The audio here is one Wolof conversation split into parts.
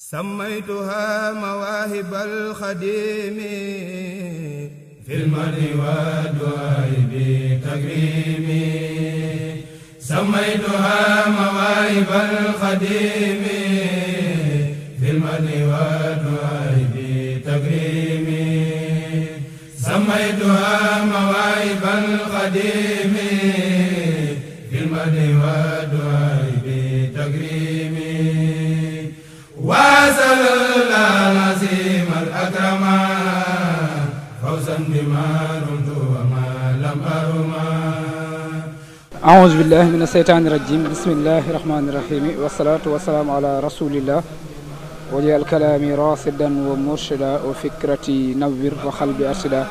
سميتها مواهب الخديم في المدح والدعاء بتكريمي سميتها مواهب الخديم في المدح والدعاء بتكريمي سميتها مواهب الخديم في المدح والدعاء أسأل الله العظيم الأكرم فوزا بما رمت وما لم أرما أعوذ بالله من الشيطان الرجيم بسم الله الرحمن الرحيم والصلاة والسلام على رسول الله وجعل كلامي راصدا ومرشدا وفكرتي نور وقلبي أرشدا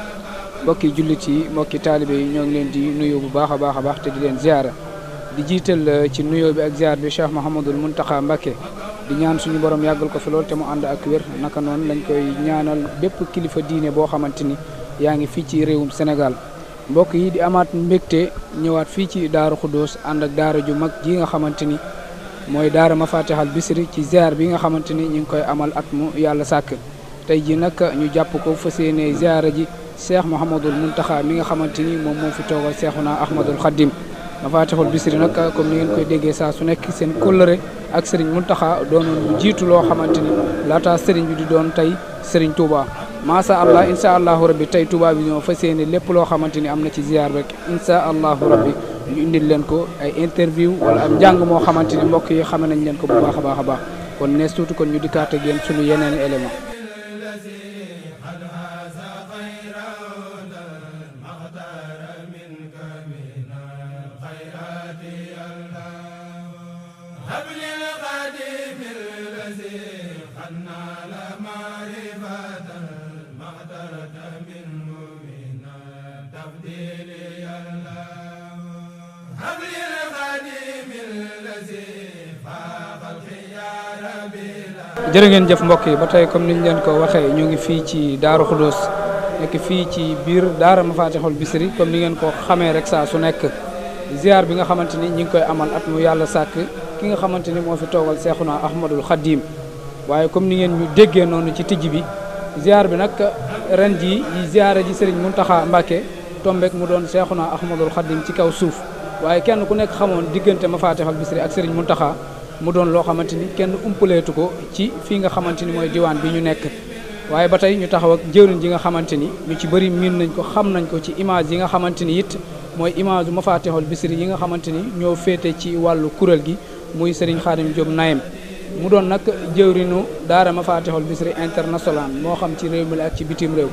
mbokki jullit yi mbokki taalibe yi ñoo ngi leen di nuyu bu baax a baax a baax te di leen ziara di jiital ci nuyoo bi ak ziar bi Cheikh Mouhamadul Mountakha Mbacké di ñaan suñu borom yàggal ko fi lool te mu ànd ak wér naka noonu lañ koy ñaanal bépp kilifa diine boo xamante ni yaa ngi fii ci réewum Sénégal mbokk yi di amaat mbégte ñëwaat fii ci Daaru Xuddoos ànd ak daara ju mag ji nga xamante ni mooy daara ma Mafatihal bisiri ci ziar bi nga xamante ni ñu ngi koy amal at mu yàlla sàkk tey ji nag ñu jàpp ko fas yéene ziara ji Cheikh Mouhamadul Mountakha mi nga xamante ni moom moo fi toogal Cheikhuna Ahmadul Khadim Mafatihal Bichri nag comme ni déggee saa su nekk seen kóllëre ak Serigne Mountakha doonoon doon jiitu loo xamante ni laata Serigne bi di doon tey Serigne Touba maasa allah incha allahu rabbi tey Touba bi ñoo fas yéene lépp loo xamante ni am na ci ziar rek incha allahu rabbi ñu indil leen ko ay interview wala njàng moo xamante ni mbokk yi xame nañ leen ko bu baax a baax a baax kon nees tuuti kon ñu dikkaat ak yéen suñu yeneen élément jërë ngeen jëf mbokk yi ba tey comme niñ leen ko waxee ñoo ngi fii ci Daaru Xudóos nekk fii ci biir Daara Mafatihul Bichri comme ni ngeen ko xamee rek saa su nekk ziar bi nga xamante ni ñi ngi koy amal at mu yàlla sàkk ki nga xamante ni moo fi toogal Seexuna Ahmadul Xadim waaye comme ni ngeen ñu déggee noonu ci tijj bi ziar bi nag ren ji yi ziara ji Serigne Mountakha Mbacké tombeek mu doon Seexuna Ahmadul Xadim ci kaw suuf waaye kenn ku nekk xamoon diggante ma bisiri bisri ak sëriñ Muntaxa mu doon loo xamante ni kenn umpaleetu ko ci fii nga xamante ni mooy diwaan bi ñu nekk waaye ba tey ñu taxaw ak jëwriñ ji nga xamante ni ñu ci bëri miin nañ ko xam nañ ko ci image yi nga xamante ni it mooy image ma faatixal bisri yi nga xamante ni ñoo féete ci wàllu kuréel gi muy sëriñ Xaadim Jóob Nayem mu doon nag jëwriñu daara ma faatixal bisri international moo xam ci réew mi la ak ci bitim réew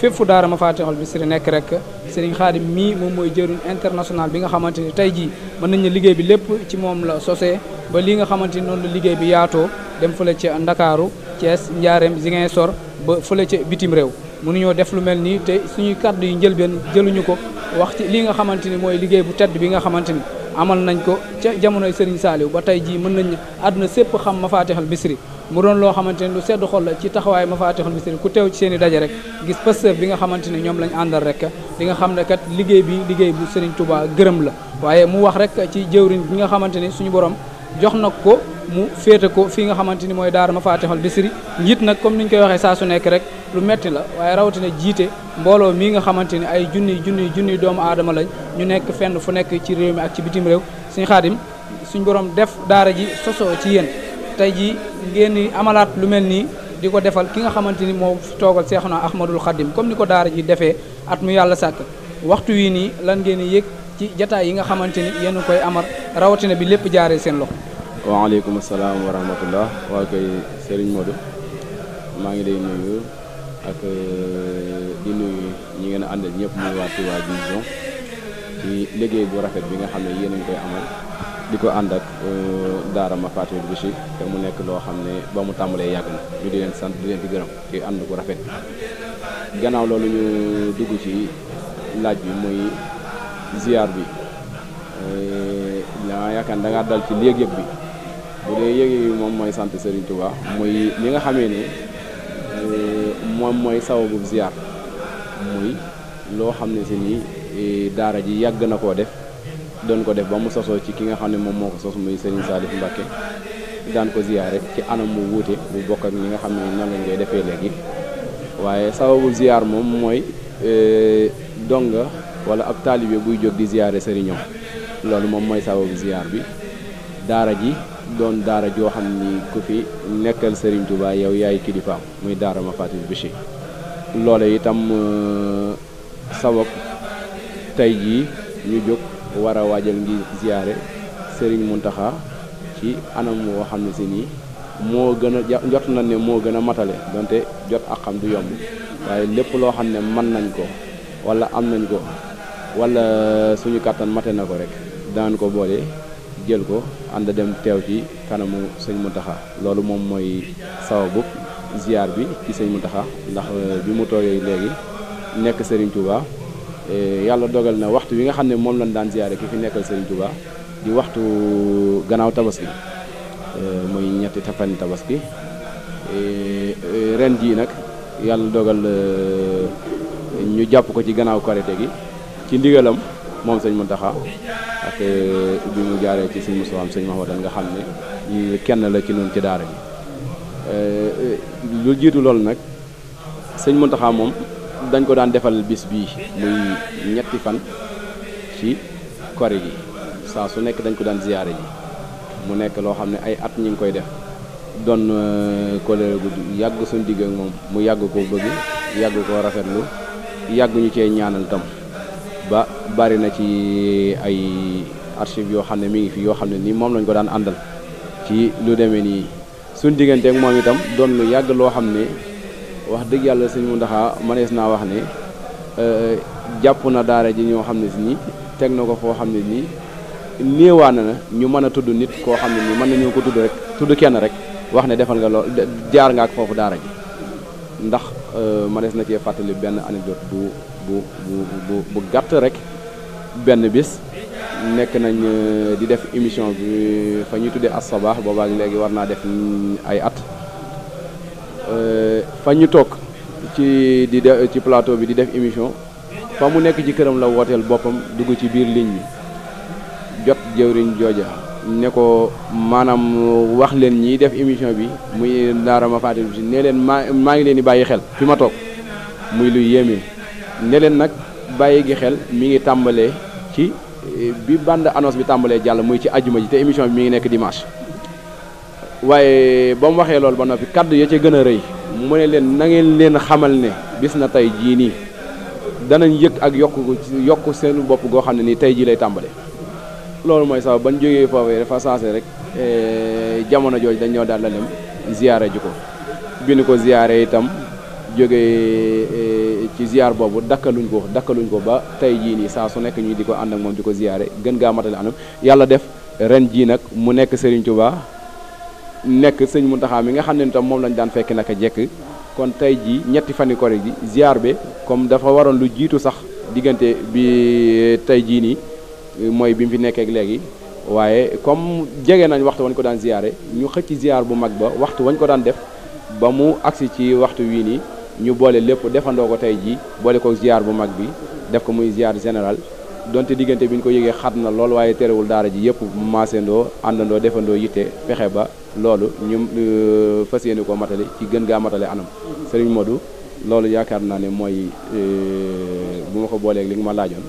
fépp fu daara ma faatixul bisri nekk rek sëriñ xaadim mii moom mooy jëriñ international bi nga xamante ni tey jii mën nañ ne liggéey bi lépp ci moom la sosee ba lii nga xamante ni noonu la liggéey bi yaatoo dem fële ca ndakaaru Thiès Njaareem Ziguinchor ba fële ci bitim réew mënuñoo def lu mel nii te suñuy kàddu yi njëlbeen jëluñu ko wax ci lii nga xamante ni mooy liggéey bu tedd bi nga xamante ni amal nañ ko ca jamonoy Serigne Saliou ba tey jii mën nañ àdduna sépp xam ma faatixal bisri mu doon loo xamante ne lu sedd xol la ci taxawaay Mafatihul Bichri ku teew seeni daje rek gis Pastef bi nga xamante ne ñoom lañ àndal rek di nga xam ne kat liggéey bi liggéey bu Serigne Touba gërëm la waaye mu wax rek ci jëwriñ bi nga xamante ne suñu borom jox na ko mu féete ko fii nga xamante ni mooy daara Mafatihul Bichri njiit nag comme ni ñu koy waxee saa su nekk rek lu metti la waaye rawatina jiite mbooloo mii nga xamante ni ay junniy junniy junniy doomu aadama lañ ñu nekk fenn fu nekk ci réew mi ak ci bitim réew suñu xaadim suñu borom def daara ji sosoo ci yéen tey jii ngeen amalaat lu mel nii di ko defal ki nga xamante ni moo toogal Seexuna Ahmadul Xadim comme ni ko daara ji defee at mu yàlla sàkk waxtu wii nii lan ngeen yëg ci jataay yi nga xamante ni yéen koy amar rawatina bi lépp jaaree seen loxo. waaleykum salaam wa rahmatullah waa koy Serigne Modou maa ngi lay nuyu ak euh, di nuyu ñi ngeen àndal ñëpp muy waa ci Vision ci liggéey bu rafet bi nga xam ne yéen a koy amal. di ko ànd ak euh, daara ma faatee bi si te mu nekk loo xam ne ba mu tàmbalee yàgg na ñu di leen sant di leen di gërëm ci ànd ko rafet gannaaw loolu ñu dugg ci laaj bi muy ziar bi dama euh, yaakaar da ngaa dal ci yëg-yëg bi bu dee yëg-yëg moom mooy sant Serigne Touba muy li nga xamee ni euh, moom mooy sababu ziar muy loo xam ne si nii daara ji yàgg na koo def doon ko def ba mu sosoo ci ki nga xam ne moom moo ko sos muy Serigne Salif Mbacké daan ko ziyaare ci anam mu wuute mu bokk ak ñi nga xam ne noonu lañ koy defee léegi waaye sababu ziyaar moom mooy e, donga wala ab taalibe buy jóg di ziyaare sëriñam loolu moom mooy sababu ziyaar bi daara ji doon daara joo xam ni ku fi nekkal sëriñ Touba yow yaay kilifaam muy daara Mafatil Bichri loole itam e, sabab tey jii ñu jóg war a waajal ngir ziyaare Serigne Mountakha ci anam woo xam ne si nii moo gën a jot nañ ne moo gën a matale donte jot ak xam du yomb waaye lépp loo xam ne mën nañ ko wala am nañ ko wala suñu kàttan mate na ko rek daan ko boole jël ko ànd dem teew ci kanamu sëñ Mountakha loolu moom mooy sababu ziyaar bi ci sëñ Mountakha ndax bi mu toogee léegi nekk sëriñ Touba. Eh, yàlla dogal na waxtu wi nga xam ne moom lan daan ziyaare ki fi nekkal Serigne Touba di waxtu gannaaw tabaski eh, muy ñetti fan tabaski eh, ren jii nag yàlla dogal ñu jàpp ko ci gannaaw korite gi ci ndigalam moom sëñ Mountakha ak bi mu jaaree ci sëñ Moussa am sëñ Mahmadan nga xam ne kenn la ci noonu ci daara bi lu jiitu loolu nag sëñ Mountakha moom. dañ ko daan defal bis bii muy ñetti fan ci kori gi saa su nekk dañ ko daan ziyaare yi mu nekk loo xam ne ay at ñu ngi koy def doon colère euh, gu yàgg suñ moom mu yàgg koo bëgg yàgg koo rafetlu yàgg cee ñaanal ba bari na ci ay archive yoo xam ne mi ngi fi yoo xam ne nii moom lañ ko daan àndal ci lu demee nii suñ digganteek moom itam doon lu yàgg loo xam ne wax dëgg yàlla sëñ Muntaxa manees naa wax ne euh, jàpp na daara ji ñoo xam ne si nii teg na ko foo xam ne nii néewaa na ñu mën a tudd nit koo xam ne nii mën nañoo ko tudd rek tudd kenn rek wax ne defal nga lool jaar nga ak foofu daara ji ndax euh, mënees na cee fàttali benn jot bu bu bu bu gàtt rek benn bis nekk nañ euh, di def émission bi fa ñuy tuddee as sabaax boobaak léegi war naa def ay at fan ñu toog ci di de ci plateau bi di def émission fa mu nekk ci këram la wooteel boppam dugg ci biir ligne bi jot jëwriñ jooja ne ko maanaam wax leen ñiy def émission bi muy daara ma Mafati bi ne leen maa maa ngi leen di bàyyi xel fi ma toog muy lu yéeme ne leen nag bàyyi gi xel mi ngi tàmbalee ci bi bande annonce bi tàmbalee jàll muy ci ajuma ji te émission bi mi ngi nekk dimanche waaye ba mu waxee loolu ba noppi kàddu ya ca gën a rëy. mu ne leen nangeen ngeen leen xamal ne bis na tey jii nii danañ yëg ak yokk yokk seenu bopp goo xam ne nii tey jii lay tàmbale loolu mooy sax bañ jógee foofee dafa sensé rek eh, jamono jooju dañ ñoo daal dem ziyaare ji ko bi ko ziyaare itam jógee eh, ci ziyaar boobu dakkaluñ ko dakkaluñ ko ba tey jii nii saa su nekk ñu di ko ànd ak moom di ko ziyaare gën gaa matale anam yàlla def ren jii nag mu nekk Serigne Touba. nekk sëñ Muntaxa mi nga xam ne ni moom lañ daan fekk naka jekk kon tey jii ñetti fani kori ji ziar bi comme dafa waroon lu jiitu sax diggante bi eh, tey jii nii eh, mooy bi mu fi nekkee léegi waaye comme jege nañ waxtu wañ ko daan ziare ñu xëcc ziar bu mag ba waxtu wañ ko daan def ba mu agsi ci waxtu wii nii ñu boole lépp defandoo ko tey jii boole ko ziar bu mag bi def ko muy ziar général donte diggante bi ñu ko yëgee xat na lool waaye terewul daara ji yëpp maasandoo àndandoo defandoo yitte fexe ba loolu ñu euh, fas yéene ko matali ci gën gaa matale anam sëriñ Modou loolu yaakaar naa ne mooy euh, bu ma ko booleeg li nga ma laajoon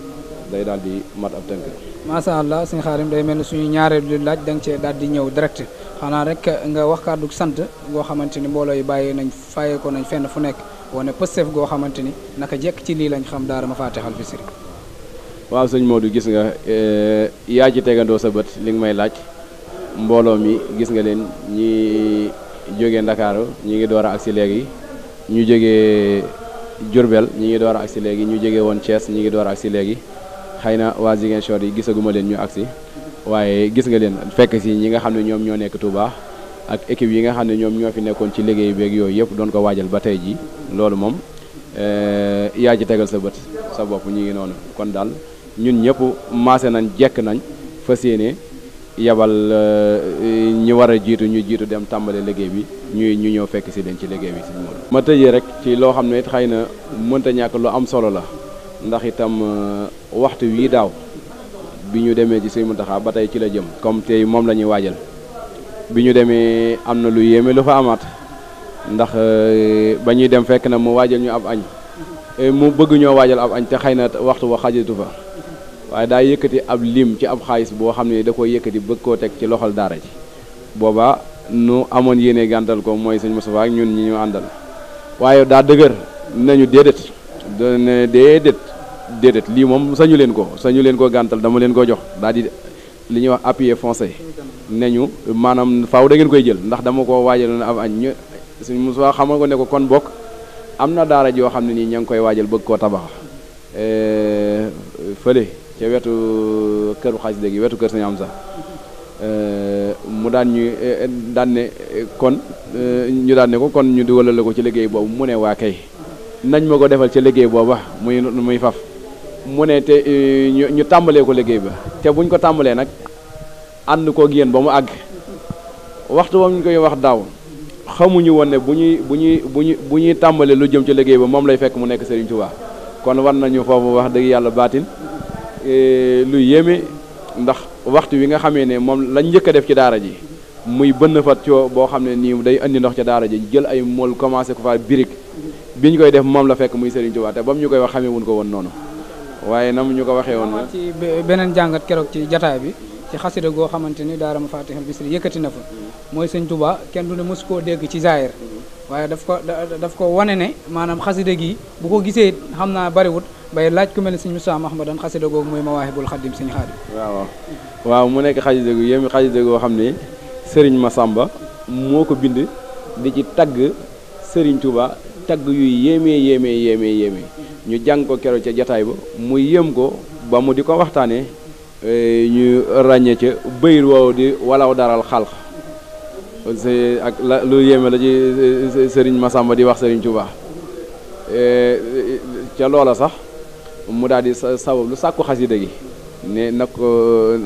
day daal di mat ab tënk. macha allah sëñ Xaarim day mel ni suñu ñaaree laaj da nga cee daal di ñëw direct xanaa rek nga wax kàddu sant goo xamante ni mbooloo yi bàyyee nañ fayee ko nañ fenn fu nekk wane pësteef goo xamante ni naka jekk ci lii lañ xam daara ma faa texal bi waaw sëñ Modou gis nga eh, yaa ci tegandoo sa bët li nga may laaj mbooloo mi gis nga leen ñi jógee ndakaaru ñi ngi door a agsi léegi ñu jógee Jurbel ñi ngi door a agsi léegi ñu jógee woon cees ñi ngi door a agsi léegi xëy na waa Ziguinchor yi gisaguma leen ñu agsi waaye gis nga leen fekk si ñi nga xam ne ñoom ñoo nekk Touba ak équipe yi nga xam ne ñoom ñoo fi nekkoon ci liggéey beeg yooyu yëpp doon ko waajal ba tey ji loolu moom eh, yaa ci tegal sa bët sa bopp ñu ngi noonu kon daal ñun ñëpp maase nañ jekk nañ fa yéene yabal euh, ñi war a jiitu ñu jiitu dem tàmbale liggéey bi ñuy ñu ñëw fekk si leen ci liggéey bi si moom. ma tëjee rek ci loo xam ne xay xëy na mënta ñàkk lu am solo la ndax itam euh, waxtu wii daaw bi ñu demee ci Sëriñ Muntaxa ba tey ci la jëm comme tey moom la ñuy waajal bi ñu demee am na lu yéeme lu fa amaat ndax euh, ba ñuy dem fekk na mu waajal ñu ab añ mu bëgg ñoo waajal ab añ te xëy na waxtu wa xajatu fa. waaye daa yëkkati ab liim ci ab xaalis boo xam ne da koy yëkkati bëgg koo teg ci loxol daara ji booba nu amoon yéene gàntal ko mooy sëñ Moustapha ak ñun ñu àndal waaye daa dëgër nañu déedéet ne déedéet lii moom sañu leen ko sañu leen ko gàntal dama leen ko jox daal di li ñuy wax appuyé foncé ne ñu maanaam faw da ngeen koy jël ndax dama ko waajaloon ab añ ñu sëñ Moustapha xamal ko ne ko kon bokk am na daara joo xam ne nii ña ngi koy waajal bëgg koo tabax fële ca wetu euh, këru xasida gi wetu kër Sëñ Amsa euh, mu daan ñu euh, daan ne kon ñu daan ne ko kon ñu dugalal ko ci liggéey boobu mu ne waa nañ ma ko defal ci liggéey booba muy muy faf mu ne te ñu tàmbalee ko liggéey ba te buñ ko tàmbalee nag ànd koog yéen ba mu àgg waxtu ba ñu koy wax daaw xamuñu woon ne bu ñuy bu ñuy bu ñuy bu ñuy tàmbalee lu jëm ci liggéey ba moom lay fekk mu nekk Serigne Touba kon war nañu foofu wax dëgg yàlla baatin E, lu yéeme ndax waxtu wi nga xamee ne moom lañ njëkk def ci daara ji muy bënn fat coo boo xam ne nii day indi ndox ca daara ji jël ay mool commencé ko faa birig bi ñu koy def moom la fekk muy Serigne Touba te ba mu ñu koy wax xamee wuñ ko woon noonu waaye nam ñu ko waxee woon na beneen jàngat keroog ci jataay bi ci xasida goo xamante ni daara ma fatihal bisri yëkkati na fa mooy Serigne Touba kenn du ne mosu koo dégg ci zaahir waaye daf ko daf ko wane ne maanaam xasida gi bu ko gisee xam naa bariwut bay laaj ku mel ne sëñ Moussa Mahamadan xasida googu mooy Mawaahibul Xadim sëñ Xaadim waaw waaw mu nekk xasida gu yéemi xasida goo xam ne sëriñ Masamba moo ko bind di ci tagg sëriñ Touba tagg yuy yéemee yéemee yéemee yéemee ñu jàng ko keroog ca jataay ba mu yéem ko ba mu di ko waxtaanee eh, ñu ràññee ca bëyit woow di walaw daral xalq ak la lu yéeme la ci eh, sëriñ Masamba di wax sëriñ Touba eh, ca loola sax mu daal di sabab lu sàkku xasida gi ne nag euh,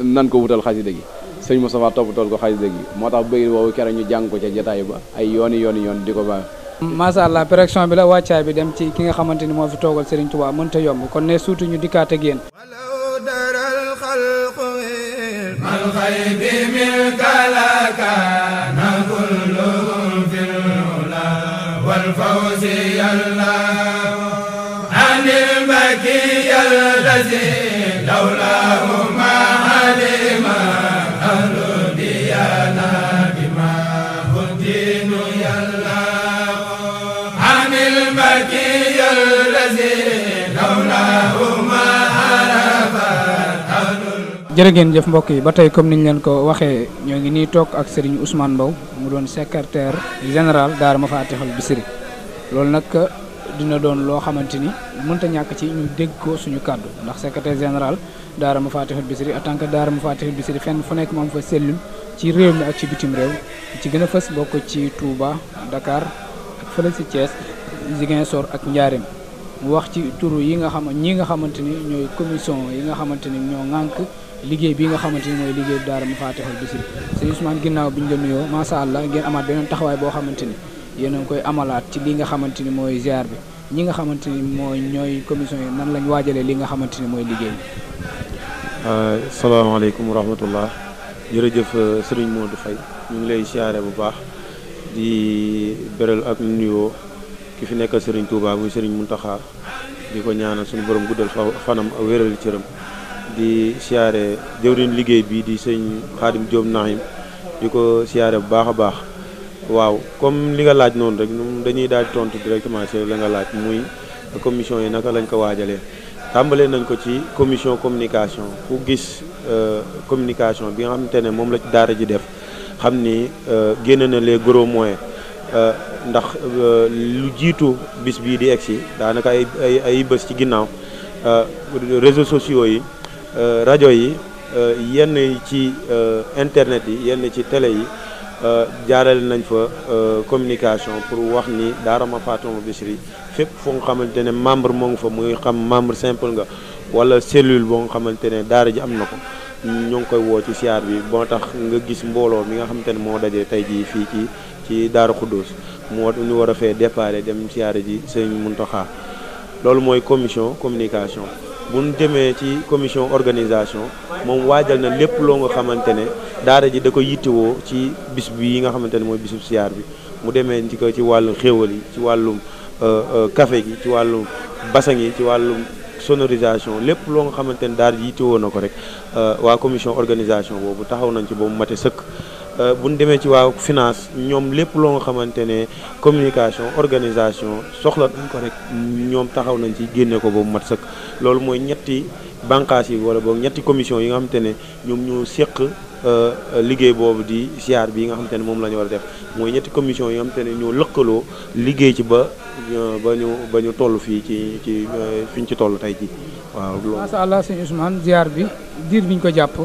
nan ko wutal xasida gi sëñ Moustapha toppatool ko xasida gi moo tax bëgg woowu keroog ñu jàng ko ca jotaay ba ay yooni yooni yoon di ko ba macha allah pression bi la wàccaay bi dem ci ki nga xamante ni moo fi toogal Serigne Touba mënta yomb kon ne surtout ñu dikkaat ak yéen الخلق من غيب ملك لك jërë jëf mbokk yi ba tey comme niñ leen ko waxee ñoo ngi nii toog ak Serigne Ousmane Mbow mu doon secrétaire général Daara Mafatihul Bichri loolu nag dina doon loo xamante ni mënta ñàkk ci ñu dégg ko suñu kàddu ndax secretaire général daara Mafatihul Bichri en tant que daara Mafatihul Bichri fenn fu nekk moom fa cellule ci réew mi ak ci bitim réew ci gën a fës bokk ci Touba Dakar ak fële si Thiès Ziguinchor ak Njaareem mu wax ci turu yi nga xam ñi nga xamante ni ñooy commission yi nga xamante ni ñoo ngànk liggéey bi nga xamante ni mooy liggéey daara Mafatihul Bichri Sëñ Ousmane ginnaaw bi ñu la nuyoo macha allah ngeen amaat taxawaay boo xamante ni yéen a ngi koy amalaat ci li nga xamante ni mooy ziar bi ñi nga xamante ni mooy ñooy commission yi nan lañ waajalee li nga xamante ni mooy liggéey bi. Euh, salaamaaleykum wa rahmatullah jërëjëf euh, Serigne Modou Faye ñu ngi lay siyaare bu baax di beral ak nuyoo ki fi nekkal Serigne Touba muy Serigne Mountakha di ko ñaanal suñu borom guddal fanam ak wéral cëram di siyaare jëwriñ liggéey bi di sëñ Xaadim Diop Nahim di ko siyaare bu baax a baax. waaw comme li nga laaj noonu rek ñun dañuy daal tontu directement ci la nga laaj muy commission yi naka lañ ko waajalee tàmbalee nañ ko ci commission communication ku gis euh, communication bi nga xamante ne moom la ci daara ji def xam ni euh, génne na les gros moyens euh, ndax lu jiitu bis bii di egg si daanaka ay ay ay bés ci ginnaaw réseaux sociaux yi rajo yi yenn ci internet yi yenn ci télé yi. jaarale nañ fa euh, communication pour wax ni daara ma Faatuma Bichri fépp fu nga xamante ne membre moom fa muy xam membre simple nga wala cellule boo nga xamante ne daara ji am na ko ñoo ngi koy woo ci siyaar bi boo tax nga gis mbooloo mi nga xamante ne moo dajee tey jii fii ci ci daara Xuddoos moo ñu war a fee déparé dem siyaare ji sëñ Muntaxa loolu mooy commission communication bu ñu demee ci commission organisation moom waajal na lépp loo nga xamante ne daara ji da ko yittewoo ci bis bi yi nga xamante ne mooy bisu siyaar bi mu demee ci ko ci wàllu xéewal yi ci wàllum kafe euh, euh, gi ci wàllu basang yi ci wàllu sonorisation lépp loo nga xamante ne daara ji yittewoo na ko rek euh, waa commission organisation boobu taxaw nañ ci ba mu mate sëkk Euh, bu ñu demee ci waa finance ñoom lépp loo nga xamante ne communication organisation soxla nañ ko rek ñoom taxaw nañ ci génnee ko ba mu mat sëkk loolu mooy ñetti bànqaas yi wala boog ñetti commission yi nga xamante ne ñoom ñoo séq euh, liggéey boobu di siyaar bi nga xamante ne moom la ñu war a def mooy ñetti commission yi nga xamante ne ñoo lëkkaloo liggéey ci ba euh, ba ñu ba ñu toll fii ci ci fi ñu ci toll tey ji waaw. macha allah sëñ Ousmane ziar bi diir bi ñu ko jàpp.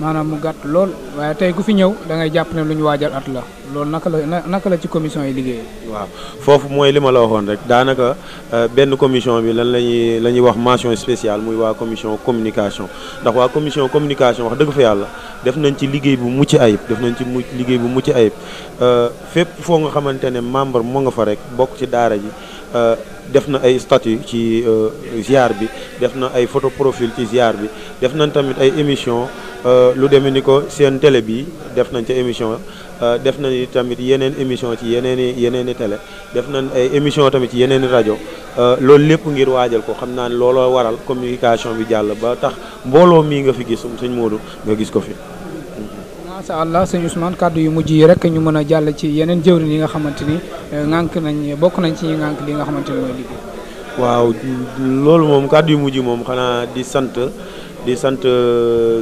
maanaam mu gàtt lool waaye tey ku fi ñëw da ngay jàpp ne lu ñu waajal at la loolu naka la naka la ci commission yi liggéey waaw foofu mooy li ma la waxoon rek daanaka euh, benn commission bi lan la la ñuy wax mention spéciale muy waa commission communication ndax waa commission communication wax dëgg fa yàlla def nañ ci liggéey bu mucc ayib def nañ ci mu liggéey bu mucc ayib euh, fépp foo nga xamante ne membre moo nga fa rek bokk ci daara ji Euh, def na ay statut ci euh, ziar bi def na ay photo profil ci ziar bi def nañ tamit ay émission euh, lu demee ni ko seen télé bi def nañ ca émission def nañ tamit yeneen émission ci yeneen i yeneen i télé def nañ ay émission tamit ci yeneen i rajo loolu lépp ngir waajal ko xam naa ne looloo waral communication bi jàll ba tax mbooloo mii nga fi gis suñ Modou nga gis ko fi macha allah sëñ Ousmane kàddu yu mujj yi rek ñu mën a jàll ci yeneen jëwriñ yi nga xamante ni eh, ŋànk nañ bokk nañ ci ñi ŋànk li nga xamante ni mooy liggéey. waaw loolu moom kàddu yu mujj moom xanaa di sant di sant eh,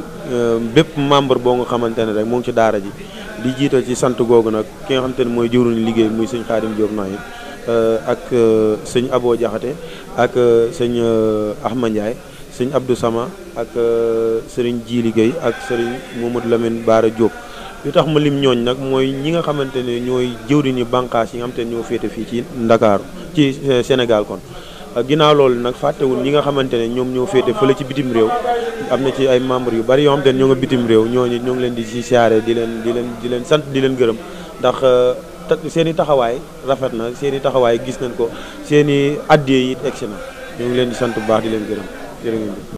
bépp membre boo nga xamante ne rek moom ci daara ji di jiital ci sant googu nag ki nga xamante ne mooy jëwriñ liggéey muy sëñ Xaadim Diop Naye eh, ak sëñ Abo Jaxate ak sëñ Ahmad Ndiaye sëñ Abdou Sama. ak euh, sëriñ jii Gueye ak sëriñ Mamadou Lamine Baara Diop li tax ma lim ñooñ nag mooy ñi nga xamante ne ñooy jëwriñu bànqaas yi nga xamante ne ñoo féete fii ci Ndakaaru ci euh, Sénégal kon ginnaaw loolu nag fàttewul ñi nga xamante ne ñoom ñoo féete fële ci bitim réew am na ci ay membres yu bari yoo xamante ne ñoo nga bitim réew ñoo ñooñu ñoo ngi leen di si siyaare di leen di leen di leen sant di leen gërëm ndax euh, seen i taxawaay rafet na seen i taxawaay gis nañ ko seen i addiye yi egsi na ñoo ngi leen di sant baax di leen gërëm jërë ngeen